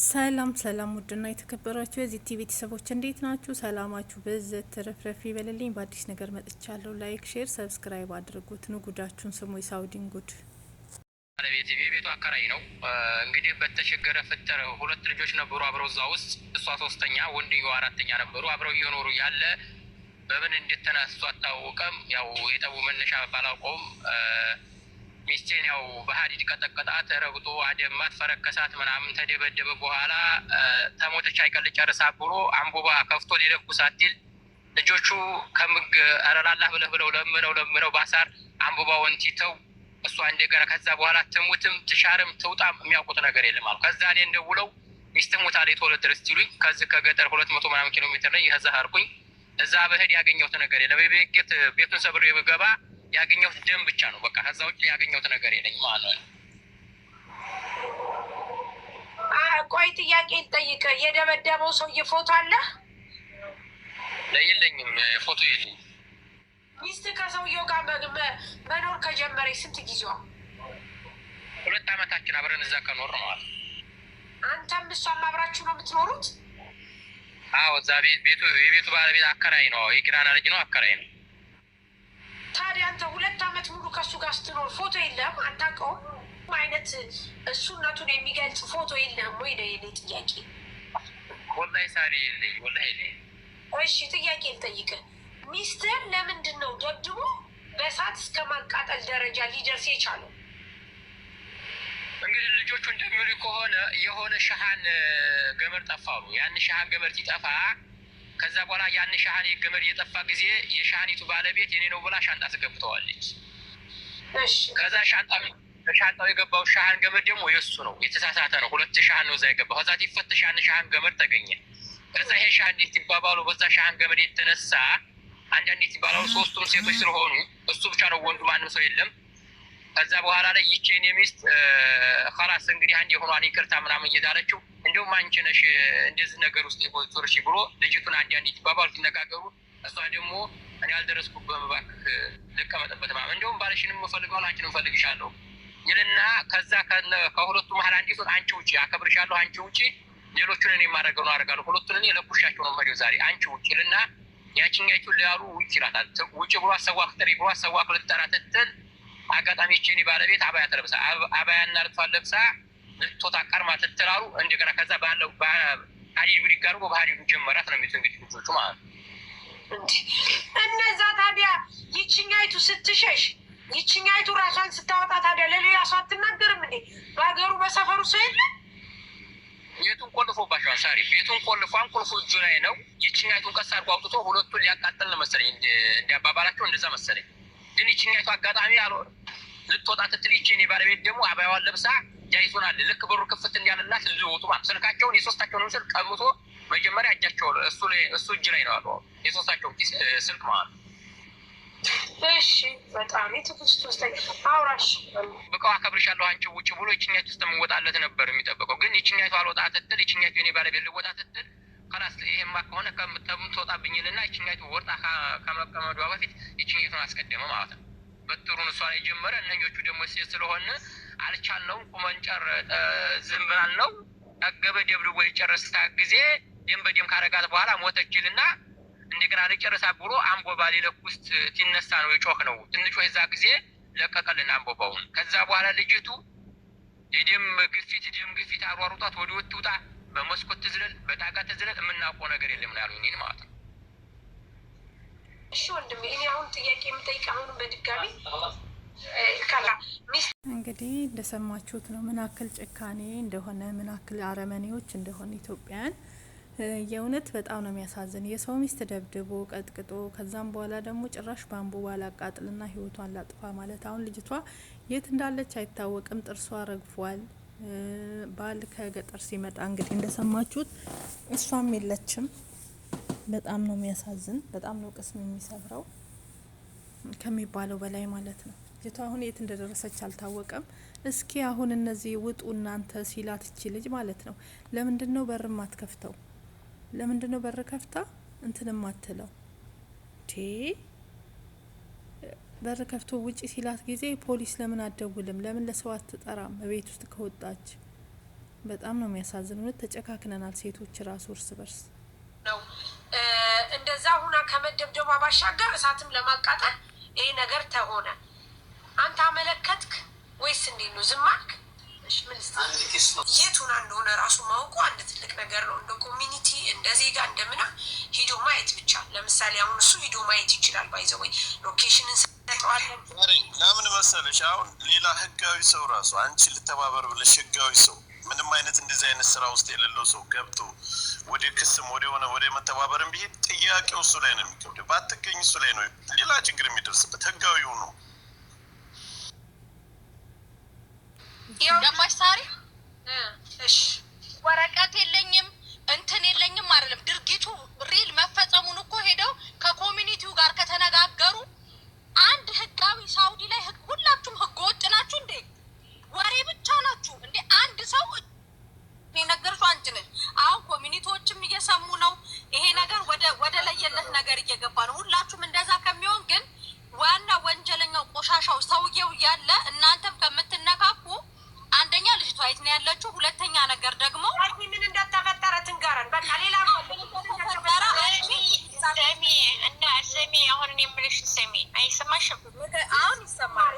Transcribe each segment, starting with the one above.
ሰላም ሰላም ውድና የተከበራችሁ የዚህ ቲቪ ቤተሰቦች እንዴት ናችሁ? ሰላማችሁ በዘት ተረፍረፊ ይበልልኝ። በአዲስ ነገር መጥቻለሁ። ላይክ፣ ሼር፣ ሰብስክራይብ አድርጉት። ንጉዳችሁን ስሙ። የሳውዲን ጉድ ባለቤት ቤቱ አከራይ ነው። እንግዲህ በተቸገረ ፍጥር ሁለት ልጆች ነበሩ አብረው እዛ ውስጥ እሷ ሶስተኛ፣ ወንድየው አራተኛ ነበሩ። አብረው እየኖሩ ያለ በምን እንደተነሱ አታወቀም። ያው የጠቡ መነሻ ባላውቀውም ሚስቴን ያው በሀዲድ ቀጠቀጣት፣ ረግጦ አደማት፣ ፈረከሳት ምናምን ተደበደበ። በኋላ ተሞተች አይቀል ጨርሳ ብሎ አንቡባ ከፍቶ ሊለኩሳት ሲል ልጆቹ ከምግ ረላላህ ብለህ ብለው ለምነው ለምነው ባሳር አንቡባውን ትተው እሷ እንደገና ከዛ በኋላ ትሙትም ትሻርም ትውጣም የሚያውቁት ነገር የለም አሉ። ከዛ እኔ እንደውለው ሚስት ሞታ ላይ ቶሎ ድረስ ሲሉኝ ከዚህ ከገጠር ሁለት መቶ ምናምን ኪሎ ሜትር ላይ ይህዛ አርኩኝ እዛ በህድ ያገኘሁት ነገር የለም ቤት ቤቱን ሰብሬ ብገባ ያገኘሁት ደም ብቻ ነው። በቃ ከዛ ውጭ ያገኘሁት ነገር የለኝ ማለት ነው። ቆይ ጥያቄ ልጠይቅ። የደመደመው ሰውዬ ፎቶ አለ? ለየለኝም ፎቶ የለኝ። ሚስት ከሰውየው ጋር መኖር ከጀመረ ስንት ጊዜዋ? ሁለት ዓመታችን አብረን እዛ ከኖር ነዋል። አንተም እሷም አብራችሁ ነው የምትኖሩት? አዎ፣ እዛ ቤቱ የቤቱ ባለቤት አከራይ ነው። የኪራና ልጅ ነው፣ አከራይ ነው። ታዲያ አንተ ሁለት አመት ሙሉ ከእሱ ጋር ስትኖር ፎቶ የለም አታውቀውም? አይነት እሱነቱን የሚገልጽ ፎቶ የለም ወይ ነው የኔ ጥያቄ። ወላይ ሳሪ የለኝ ወላሂ የለኝ። እሺ ጥያቄ ልጠይቅ። ሚስትህን ለምንድን ነው ደብድቦ በእሳት እስከ ማቃጠል ደረጃ ሊደርስ የቻለው? እንግዲህ ልጆቹ እንደሚሉ ከሆነ የሆነ ሸሀን ገመድ ጠፋሉ ያን ሸሀን ገመድ ሲጠፋ ከዛ በኋላ ያን ሻሀኔ ገመድ የጠፋ ጊዜ የሻሀኒቱ ባለቤት የኔ ነው ብላ ሻንጣ ትገብተዋለች። ከዛ ሻንጣ ሻንጣው የገባው ሻሀን ገመድ ደግሞ የእሱ ነው፣ የተሳሳተ ነው። ሁለት ሻሀን ነው እዛ የገባው። ከዛ ሲፈተሽ ያን ሻሀን ገመድ ተገኘ። ከዛ ይሄ ሻሀን እንዴት ይባባሉ። በዛ ሻሀን ገመድ የተነሳ አንዳንዴት ይባላሉ። ሶስቱም ሴቶች ስለሆኑ እሱ ብቻ ነው ወንዱ፣ ማንም ሰው የለም። ከዛ በኋላ ላይ ይቺ የኔ ሚስት ከራስ እንግዲህ አንድ የሆኗን ይቅርታ ምናምን እየዳለችው እንደውም አንቺ ነሽ እንደዚህ ነገር ውስጥ ዞርሽ ብሎ ልጅቱን አንድ አንድ ይባባሉ፣ ሲነጋገሩ እሷ ደግሞ እኔ አልደረስኩብህም እባክህ ልቀመጥበት ማ እንደውም ባለሽን እፈልገዋለሁ አንቺንም እፈልግሻለሁ ይልና ከዛ ከሁለቱ መሀል አንዲቱን አንቺ ውጪ አከብርሻለሁ፣ አንቺ ውጪ ሌሎቹን እኔ የማደርገው ነው አደርጋለሁ፣ ሁለቱን እኔ ለኩሻቸው ነው መሪው ዛሬ አንቺ ውጪ ይልና ያችኛችሁን ሊያሉ ውጭ ይላታል። ውጭ ብሎ አሰዋክ ጥሪ ብሎ አሰዋክ ልትጠራ ትትል አጋጣሚ ቼኒ ባለቤት አባያ ተለብሳ አባያ እናርቷ ልብሷ ለብሳ ልትወጣ ቀርማ ትትራሩ እንደገና ከዛ ባለው ሀዲድ ብድግ አድርጎ በሀዲዱ ጀመራት ነው የሚሉት እንግዲህ ልጆቹ ማለት ነው። እነዛ ታዲያ ይችኛይቱ ስትሸሽ ይችኛይቱ ራሷን ስታወጣ ታዲያ ለሌላ ሰው አትናገርም እንዴ? በሀገሩ በሰፈሩ ሰው የለ? ቤቱን ቆልፎባቸዋል። ሳሪ ቤቱን ቆልፏን ቁልፉ እጁ ላይ ነው። ይችኛይቱን ቀስ አድርጎ አውጥቶ ሁለቱን ሊያቃጠል ነው መሰለኝ፣ እንደ አባባላቸው እንደዛ መሰለኝ። ግን ይችኛይቱ አጋጣሚ አልሆነ ልትወጣ ትትል ይቺ እኔ ባለቤት ደግሞ አባያዋን ለብሳ ጃይሶን አለ ልክ በሩ ክፍት እንዲያንላት ልጅ ወጡ ማለት ስልካቸውን የሶስታቸውን ምስል ቀብቶ መጀመሪያ እጃቸው እሱ እሱ እጅ ላይ ነው አሉ የሶስታቸው ስልክ ማለት ነው። እሺ በጣም አውራሽ ብቀው አከብርሻለሁ አንቺ ውጭ ብሎ ይችኛቱ ውስጥ የምወጣለት ነበር የሚጠበቀው ግን ይችኛቱ አልወጣ ትትል ይችኛቱ እኔ ባለቤት ልወጣ ትትል ከላስ ይሄማ ከሆነ ከምትወጣብኝልና ይችኛቱ ወርጣ ከመቀመዷ በፊት ይችኛቱን አስቀደመ ማለት ነው። በትሩን እሷ ላይ ጀመረ። እነኞቹ ደግሞ ሴት ስለሆነ አልቻልነው፣ ቁመን ጨር ዝም ብላል ነው ጠገበ ደብድቦ የጨረስታ ጊዜ ደም በደም ካረጋት በኋላ ሞተችል ሞተችልና እንደገና ልጨረሳ ብሎ አንቦባ ሊለኩስት ሲነሳ ነው የጮህ ነው ትንሽ የዛ ጊዜ ለቀቀልን አንቦባውን። ከዛ በኋላ ልጅቱ የደም ግፊት ደም ግፊት አሯሩጧት ወደ ወትውጣ በመስኮት ትዝለል በታጋ ትዝለል የምናውቀው ነገር የለም ነው ማለት ነው። እሺ ወንድሜ፣ እኔ አሁን ጥያቄ የምጠይቅ አሁንም በድጋሚ እንግዲህ እንደሰማችሁት ነው ምን ጭካኔ እንደሆነ ምን አረመኔዎች እንደሆነ ኢትዮጵያን የእውነት በጣም ነው የሚያሳዝን። የሰው ሚስት ደብድቦ ቀጥቅጦ ከዛም በኋላ ደግሞ ጭራሽ ባንቡ ባላቃጥልና ህይወቷን ላጥፋ ማለት አሁን ልጅቷ የት እንዳለች አይታወቅም። ጥርሷ ረግፏል። ባል ከገጠር ሲመጣ እንግዲህ እንደሰማችሁት እሷም የለችም። በጣም ነው የሚያሳዝን፣ በጣም ነው ቅስም የሚሰብረው ከሚባለው በላይ ማለት ነው። ልጅቷ አሁን የት እንደደረሰች አልታወቀም። እስኪ አሁን እነዚህ ውጡ እናንተ ሲላት እቺ ልጅ ማለት ነው ለምንድን ነው በር ማትከፍተው? ለምንድን ነው በር ከፍታ እንትን ማትለው? በር ከፍቶ ውጪ ሲላት ጊዜ ፖሊስ ለምን አደውልም? ለምን ለሰው አትጠራም? ቤት ውስጥ ከወጣች በጣም ነው የሚያሳዝን። እውነት ተጨካክነናል ሴቶች ራሱ እርስ በርስ እንደዛ ሁና ከመደብደቧ ባሻገር እሳትም ለማቃጠል ይሄ ነገር ተሆነ። አንተ አመለከትክ ወይስ እንዴት ነው? ዝም አልክ? የት ሁና እንደሆነ ራሱ ማወቁ አንድ ትልቅ ነገር ነው። እንደ ኮሚኒቲ፣ እንደ ዜጋ፣ እንደምና ሂዶ ማየት ብቻ። ለምሳሌ አሁን እሱ ሂዶ ማየት ይችላል። ባይዘ ወይ ሎኬሽንን ሰጠዋለን። ለምን መሰለሽ አሁን ሌላ ህጋዊ ሰው ራሱ አንቺ ልተባበር ብለሽ ህጋዊ ሰው ምንም አይነት እንደዚህ አይነት ስራ ውስጥ የሌለው ሰው ገብቶ ወደ ክስም ወደ ሆነ ወደ መተባበርም ቢሄድ ጥያቄው እሱ ላይ ነው የሚከብደው። ባትገኝ እሱ ላይ ነው ሌላ ችግር የሚደርስበት። ህጋዊው ነው ገማሽ ወረቀት የለኝም እንትን የለኝም አይደለም። ድርጊቱ ሪል መፈጸሙን እኮ ሄደው ከኮሚኒቲው ጋር ከተነጋገሩ አንድ ህጋዊ ሳውዲ ላይ ሰው የነገርሽው አንቺ ነሽ። አሁን ኮሚኒቲዎችም እየሰሙ ነው። ይሄ ነገር ወደ ለየለት ነገር እየገባ ነው። ሁላችሁም እንደዛ ከሚሆን ግን ዋና ወንጀለኛው ቆሻሻው ሰውየው ያለ እናንተም ከምትነካኩ አንደኛ ልጅቷ የት ነው ያለችው? ሁለተኛ ነገር ደግሞ ምን እንደተፈጠረ ትንገረን። በቃ ሌላ ስሚ እና ስሚ፣ አሁን የምልሽ ስሚ፣ አይሰማሽም? አሁን ይሰማል።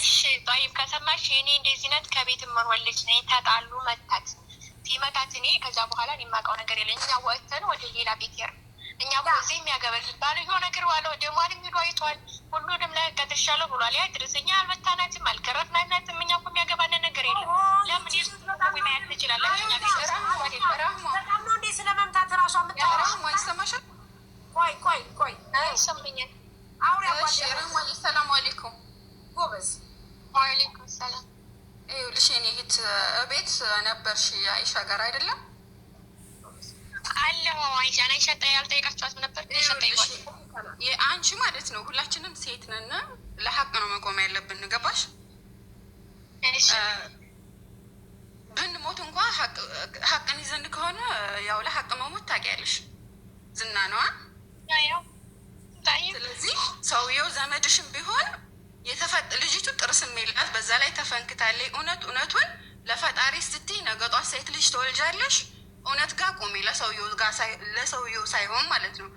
እሺ ጠይብ ከሰማሽ፣ እኔ እንደዚህ ነት ከቤት የምንወልጅ ነኝ። ተጣሉ መታት ሲመታት እኔ ከዛ በኋላ የማውቀው ነገር የለኝ። እኛ ወጥተን ወደ ሌላ ቤት ሄር እኛ እዚህ የሚያገበል ባልዮ ነገር ዋለ ወደ ማን የሚሉ አይቷል። ሁሉ ደም ላይ ከተሻለው ብሏል። ያ ድረስ እኛ አልመታናትም፣ አልከረፍናናትም። እኛ እኮ የሚያገባን ነገር የለም። ለምን ማየት ትችላለች። ስለ መምታት ራሷ ምታረሽ ይሰማሻል? ቆይ ቆይ ቆይ ሰምኝ አሁን ያባሽ ሰላም አለይኩም ቤት ቤት ነበርሽ አይሻ ጋር አይደለም? አለሁ አይሻ አይሻ ያልጠየቃችኋት ነበር? አንቺ ማለት ነው ሁላችንም ሴት ነን። ለሀቅ ነው መቆም ያለብን። ገባሽ? ብንሞት እንኳ ሀቅን ይዘን ከሆነ ያው ለሀቅ መሞት ታውቂያለሽ፣ ዝና ነዋ። ስለዚህ ሰውየው ዘመድሽም ቢሆን ልጅቱ ጥርስ የሚላት በዛ ላይ ተፈንክታለች። እውነት እውነቱን ለፈጣሪ ስትይ ነገጧ ሴት ልጅ ትወልጃለሽ። እውነት ጋር ቆሚ፣ ለሰውየው ሳይሆን ማለት ነው።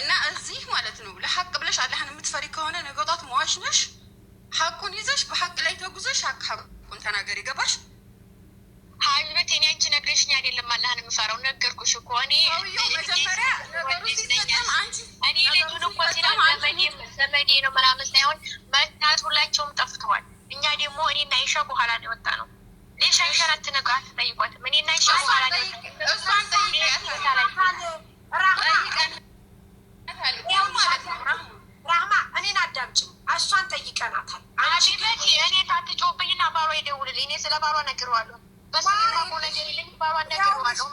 እና እዚህ ማለት ነው ለሀቅ ብለሽ አላህን የምትፈሪ ከሆነ ነገጧት መዋሽ ነሽ። ሀቁን ይዘሽ በሀቅ ላይ ተጉዘሽ ሀቅ ሀቁን ተናገር። ይገባሽ ሀይበት የኔ አንቺ ነግረሽኝ አይደለም አላህን የምፈራው ነገርኩሽ እኮ እኔ መጀመሪያ ነገሩ ሲሰጠም አንቺ እኔ ልጁን እኮ ሲናገበኔ ነው ምናምን ሳይሆን በእናት ሁላቸውም ጠፍተዋል። እኛ ደግሞ እኔና ይሻ በኋላ ነው የወጣ ነው። ሌሻ ይሻን አትነጋ አትጠይቋትም። እኔና ይሻ በኋላ ነው እኔን ጠይቀናታል። እኔ ታትጮብኝና እኔ ስለ ነግረዋለሁ።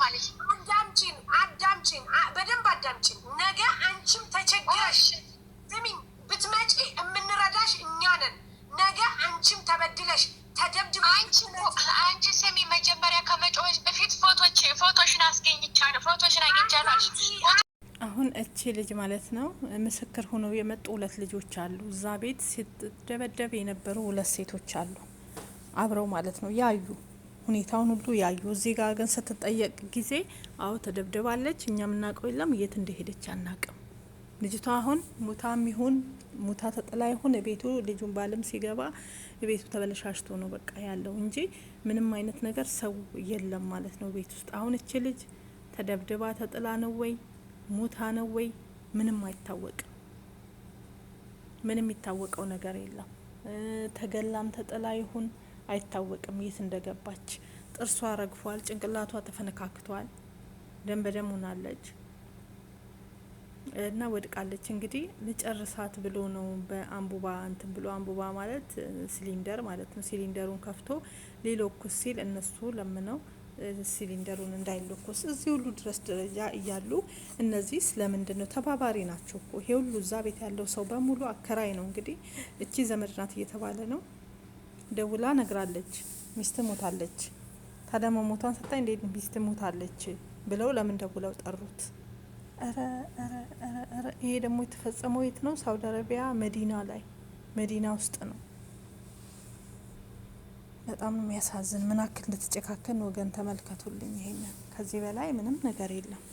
ማለት ነው። በደንብ ነገ አንቺም ተቸግረሽ ስሚኝ ብትመጪ የምን ያጠፋሽ እኛ ነን። ነገ አንቺም ተበድለሽ ተደብድብ አንቺ ስሚ፣ መጀመሪያ ከመጮች በፊት ፎቶች ፎቶሽን አስገኝቻለ ፎቶሽን አግኝቻለሁ። አሁን እቺ ልጅ ማለት ነው ምስክር ሆነው የመጡ ሁለት ልጆች አሉ። እዛ ቤት ሲደበደብ የነበሩ ሁለት ሴቶች አሉ፣ አብረው ማለት ነው ያዩ ሁኔታውን ሁሉ ያዩ። እዚህ ጋር ግን ስትጠየቅ ጊዜ አዎ ተደብድባለች፣ እኛ የምናውቀው የለም፣ የት እንደሄደች አናውቅም። ልጅቷ አሁን ሙታም ይሁን ሙታ ተጥላ ይሁን ቤቱ ልጁን ባልም ሲገባ ቤቱ ተበለሻሽቶ ነው በቃ ያለው እንጂ ምንም አይነት ነገር ሰው የለም ማለት ነው ቤት ውስጥ። አሁን እች ልጅ ተደብድባ ተጥላ ነው ወይ ሙታ ነው ወይ ምንም አይታወቅም። ምንም የሚታወቀው ነገር የለም። ተገላም ተጥላ ይሁን አይታወቅም። የት እንደገባች ጥርሷ ረግፏል፣ ጭንቅላቷ ተፈነካክቷል፣ ደም በደም ሆናለች። እና ወድቃለች። እንግዲህ ልጨርሳት ብሎ ነው በአንቡባ እንትን ብሎ አንቡባ ማለት ሲሊንደር ማለት ነው። ሲሊንደሩን ከፍቶ ሊለኩስ ሲል እነሱ ለምነው ሲሊንደሩን እንዳይለኮስ እዚህ ሁሉ ድረስ ደረጃ እያሉ እነዚህ ስለምንድን ነው ተባባሪ ናቸው እኮ ይሄ ሁሉ እዛ ቤት ያለው ሰው በሙሉ አከራይ ነው። እንግዲህ እቺ ዘመድ ናት እየተባለ ነው። ደውላ ነግራለች፣ ሚስት ሞታለች። ታዲያ መሞቷን ስታይ እንዴት ሚስት ሞታለች ብለው ለምን ደውለው ጠሩት? ይሄ ደግሞ የተፈጸመው የት ነው? ሳውዲ አረቢያ መዲና ላይ መዲና ውስጥ ነው። በጣም ነው የሚያሳዝን። ምን ያክል እንደተጨካከን ወገን ተመልከቱልኝ። ይሄንን ከዚህ በላይ ምንም ነገር የለም።